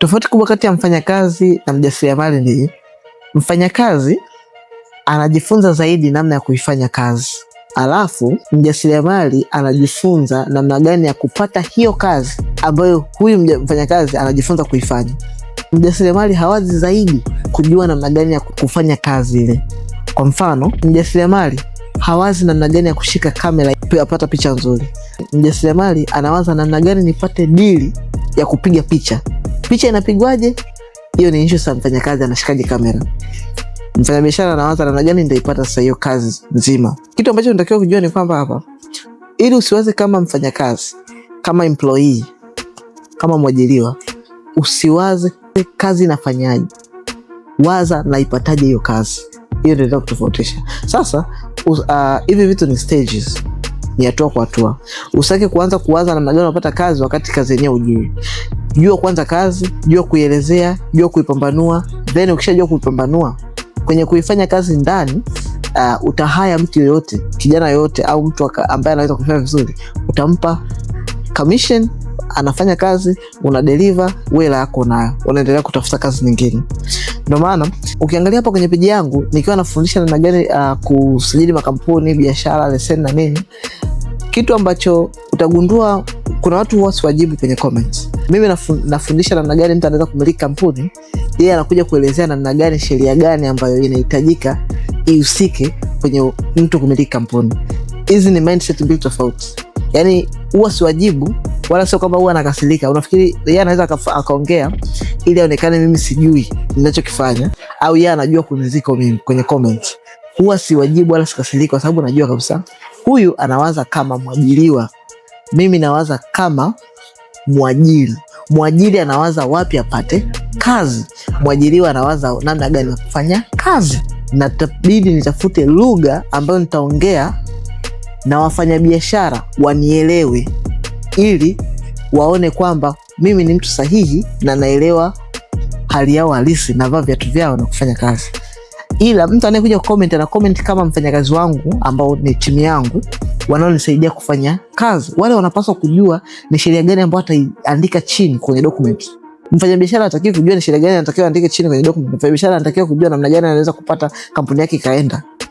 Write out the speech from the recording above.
Tofauti kubwa kati ya mfanyakazi na mjasiriamali ni mfanyakazi anajifunza zaidi namna ya kuifanya kazi, alafu mjasiriamali anajifunza namna gani ya kupata hiyo kazi ambayo huyu mfanyakazi anajifunza kuifanya. Mjasiriamali hawazi zaidi kujua namna gani ya kufanya kazi ile. Kwa mfano, mjasiriamali hawazi namna gani ya kushika kamera apata picha nzuri. Mjasiriamali anawaza namna gani nipate dili ya kupiga picha picha inapigwaje? Hiyo ni issue sa mfanyakazi anashikaje kamera. Mfanyabiashara anawaza namna gani nitaipata sasa hiyo kazi nzima. Kitu ambacho natakiwa kujua ni kwamba hapa, ili usiwaze kama mfanyakazi, kama employee, kama mwajiriwa, usiwaze kazi nafanyaje, waza naipataje hiyo kazi. Hiyo ndio kutofautisha sasa. Ah, hivi uh, vitu ni stages ni hatua kwa hatua. Usitaki kuanza kuwaza namna gani unapata kazi wakati kazi yenyewe ujui jua kwanza kazi, jua kuielezea, jua kuipambanua, then ukishajua kuipambanua kwenye kuifanya kazi ndani uh, utahaya mtu yoyote, kijana yoyote au mtu ambaye anaweza kufanya vizuri, utampa commission, anafanya kazi, una deliver, wela yako nayo, unaendelea kutafuta kazi nyingine. Ndio maana ukiangalia hapa kwenye peji yangu nikiwa nafundisha namna gani uh, kusajili makampuni, biashara, leseni na nini, kitu ambacho utagundua kuna watu huwa siwajibu kwenye comments. Mimi nafu, nafundisha namna gani mtu anaweza kumiliki kampuni, yeye anakuja kuelezea namna gani, sheria gani ambayo inahitajika ihusike kwenye mtu kumiliki kampuni. Hizi ni mindset mbili tofauti, yani huwa siwajibu wala sio kwamba huwa anakasirika. Unafikiri yeye anaweza akaongea ili aonekane mimi sijui ninachokifanya au yeye anajua kuniziko mimi kwenye comment. Huwa siwajibu wala sikasirika, kwa sababu najua kabisa huyu anawaza kama mwajiriwa mimi nawaza kama mwajiri. Mwajiri anawaza wapi apate kazi, mwajiriwa anawaza namna gani kufanya kazi. Natabidi nitafute lugha ambayo nitaongea na wafanyabiashara wanielewe, ili waone kwamba mimi ni mtu sahihi na naelewa hali yao halisi, navaa viatu vyao na kufanya kazi. Ila mtu anayekuja kukomenti ana komenti kama mfanyakazi wangu ambao ni timu yangu wanaonisaidia kufanya kazi. Wale wanapaswa kujua ni sheria gani ambayo ataiandika chini kwenye document. Mfanyabiashara anatakiwa kujua ni sheria gani anatakiwa aandike chini kwenye document. Mfanyabiashara anatakiwa kujua namna gani anaweza kupata kampuni yake ikaenda.